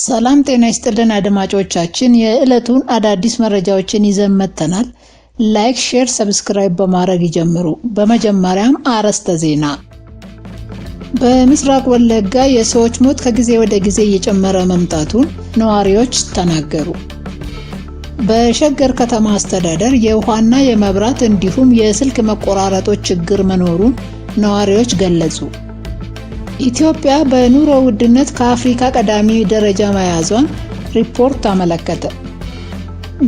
ሰላም ጤና ይስጥልን አድማጮቻችን፣ የዕለቱን አዳዲስ መረጃዎችን ይዘን መጥተናል። ላይክ፣ ሼር፣ ሰብስክራይብ በማድረግ ይጀምሩ። በመጀመሪያም አርዕስተ ዜና። በምስራቅ ወለጋ የሰዎች ሞት ከጊዜ ወደ ጊዜ እየጨመረ መምጣቱን ነዋሪዎች ተናገሩ። በሸገር ከተማ አስተዳደር የውሃና የመብራት እንዲሁም የስልክ መቆራረጦች ችግር መኖሩን ነዋሪዎች ገለጹ። ኢትዮጵያ በኑሮ ውድነት ከአፍሪካ ቀዳሚ ደረጃ መያዟን ሪፖርት አመለከተ።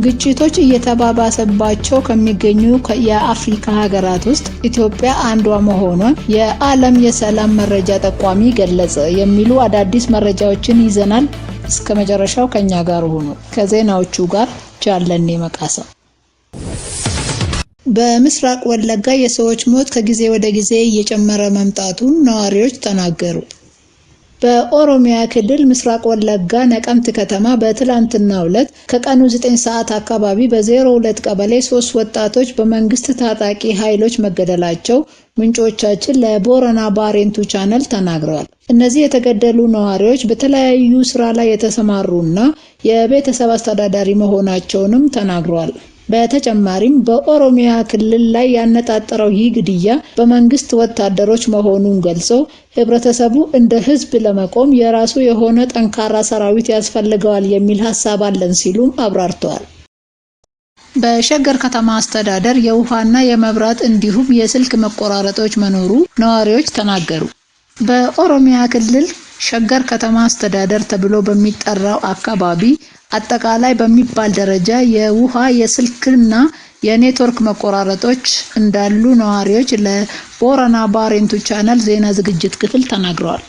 ግጭቶች እየተባባሰባቸው ከሚገኙ የአፍሪካ ሀገራት ውስጥ ኢትዮጵያ አንዷ መሆኗን የዓለም የሰላም መረጃ ጠቋሚ ገለጸ። የሚሉ አዳዲስ መረጃዎችን ይዘናል። እስከ መጨረሻው ከኛ ጋር ሆኖ ከዜናዎቹ ጋር ጃለኔ መቃሰው በምስራቅ ወለጋ የሰዎች ሞት ከጊዜ ወደ ጊዜ እየጨመረ መምጣቱን ነዋሪዎች ተናገሩ። በኦሮሚያ ክልል ምስራቅ ወለጋ ነቀምት ከተማ በትላንትናው ዕለት ከቀኑ 9 ሰዓት አካባቢ በ02 ቀበሌ ሶስት ወጣቶች በመንግስት ታጣቂ ኃይሎች መገደላቸው ምንጮቻችን ለቦረና ባሬንቱ ቻነል ተናግረዋል። እነዚህ የተገደሉ ነዋሪዎች በተለያዩ ስራ ላይ የተሰማሩ እና የቤተሰብ አስተዳዳሪ መሆናቸውንም ተናግረዋል። በተጨማሪም በኦሮሚያ ክልል ላይ ያነጣጠረው ይህ ግድያ በመንግስት ወታደሮች መሆኑን ገልጾ ህብረተሰቡ እንደ ህዝብ ለመቆም የራሱ የሆነ ጠንካራ ሰራዊት ያስፈልገዋል የሚል ሀሳብ አለን ሲሉም አብራርተዋል። በሸገር ከተማ አስተዳደር የውሃና የመብራት እንዲሁም የስልክ መቆራረጦች መኖሩ ነዋሪዎች ተናገሩ። በኦሮሚያ ክልል ሸገር ከተማ አስተዳደር ተብሎ በሚጠራው አካባቢ አጠቃላይ በሚባል ደረጃ የውሃ፣ የስልክና የኔትወርክ መቆራረጦች እንዳሉ ነዋሪዎች ለቦረና ባሬንቱ ቻናል ዜና ዝግጅት ክፍል ተናግረዋል።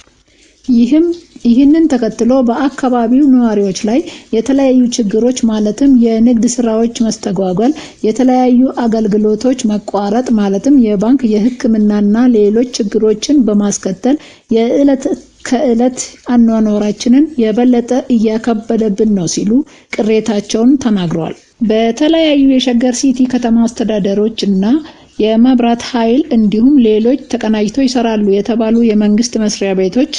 ይህም ይህንን ተከትሎ በአካባቢው ነዋሪዎች ላይ የተለያዩ ችግሮች ማለትም የንግድ ስራዎች መስተጓጓል፣ የተለያዩ አገልግሎቶች መቋረጥ ማለትም የባንክ፣ የሕክምናና ሌሎች ችግሮችን በማስከተል የዕለት ከዕለት አኗኗራችንን የበለጠ እያከበደብን ነው ሲሉ ቅሬታቸውን ተናግረዋል። በተለያዩ የሸገር ሲቲ ከተማ አስተዳደሮች እና የመብራት ኃይል እንዲሁም ሌሎች ተቀናጅቶ ይሰራሉ የተባሉ የመንግስት መስሪያ ቤቶች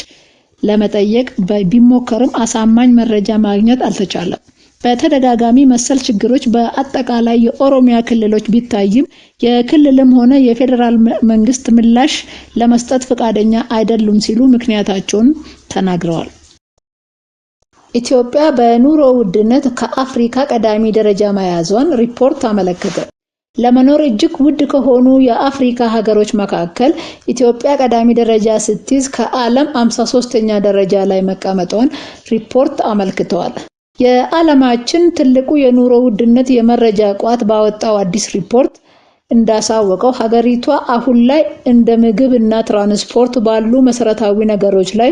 ለመጠየቅ ቢሞከርም አሳማኝ መረጃ ማግኘት አልተቻለም። በተደጋጋሚ መሰል ችግሮች በአጠቃላይ የኦሮሚያ ክልሎች ቢታይም የክልልም ሆነ የፌዴራል መንግስት ምላሽ ለመስጠት ፈቃደኛ አይደሉም ሲሉ ምክንያታቸውን ተናግረዋል። ኢትዮጵያ በኑሮ ውድነት ከአፍሪካ ቀዳሚ ደረጃ መያዟን ሪፖርት አመለከተ። ለመኖር እጅግ ውድ ከሆኑ የአፍሪካ ሀገሮች መካከል ኢትዮጵያ ቀዳሚ ደረጃ ስትይዝ ከዓለም 53ኛ ደረጃ ላይ መቀመጧን ሪፖርት አመልክተዋል። የዓለማችን ትልቁ የኑሮ ውድነት የመረጃ ቋት ባወጣው አዲስ ሪፖርት እንዳሳወቀው ሀገሪቷ አሁን ላይ እንደ ምግብ እና ትራንስፖርት ባሉ መሰረታዊ ነገሮች ላይ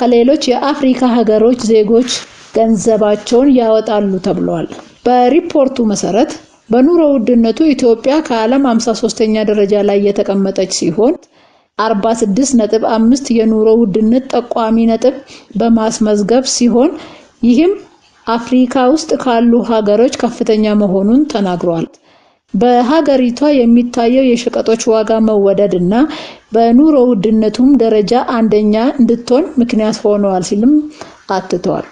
ከሌሎች የአፍሪካ ሀገሮች ዜጎች ገንዘባቸውን ያወጣሉ ተብለዋል። በሪፖርቱ መሰረት በኑሮ ውድነቱ ኢትዮጵያ ከዓለም 53ኛ ደረጃ ላይ የተቀመጠች ሲሆን 46.5 የኑሮ ውድነት ጠቋሚ ነጥብ በማስመዝገብ ሲሆን ይህም አፍሪካ ውስጥ ካሉ ሀገሮች ከፍተኛ መሆኑን ተናግሯል። በሀገሪቷ የሚታየው የሸቀጦች ዋጋ መወደድ እና በኑሮ ውድነቱም ደረጃ አንደኛ እንድትሆን ምክንያት ሆነዋል ሲልም አትተዋል።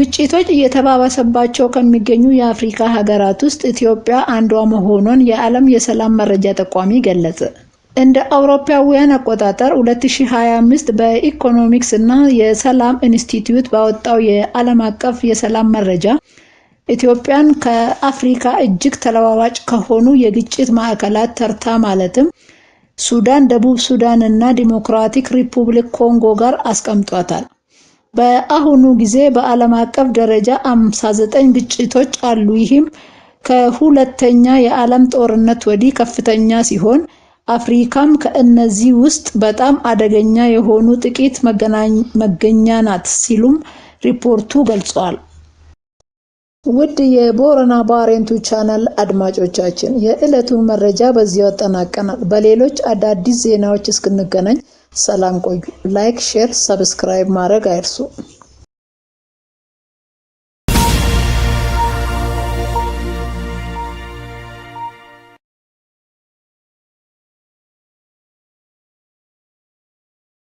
ግጭቶች እየተባባሰባቸው ከሚገኙ የአፍሪካ ሀገራት ውስጥ ኢትዮጵያ አንዷ መሆኗን የዓለም የሰላም መረጃ ጠቋሚ ገለጸ። እንደ አውሮፓውያን አቆጣጠር 2025 በኢኮኖሚክስ እና የሰላም ኢንስቲትዩት ባወጣው የዓለም አቀፍ የሰላም መረጃ ኢትዮጵያን ከአፍሪካ እጅግ ተለዋዋጭ ከሆኑ የግጭት ማዕከላት ተርታ ማለትም ሱዳን፣ ደቡብ ሱዳን እና ዲሞክራቲክ ሪፑብሊክ ኮንጎ ጋር አስቀምጧታል። በአሁኑ ጊዜ በዓለም አቀፍ ደረጃ 59 ግጭቶች አሉ። ይህም ከሁለተኛ የዓለም ጦርነት ወዲህ ከፍተኛ ሲሆን አፍሪካም ከእነዚህ ውስጥ በጣም አደገኛ የሆኑ ጥቂት መገኛ ናት ሲሉም ሪፖርቱ ገልጿል። ውድ የቦረና ባሬንቱ ቻናል አድማጮቻችን የዕለቱን መረጃ በዚያው አጠናቀናል። በሌሎች አዳዲስ ዜናዎች እስክንገናኝ ሰላም ቆዩ። ላይክ፣ ሼር፣ ሰብስክራይብ ማድረግ አይርሱ።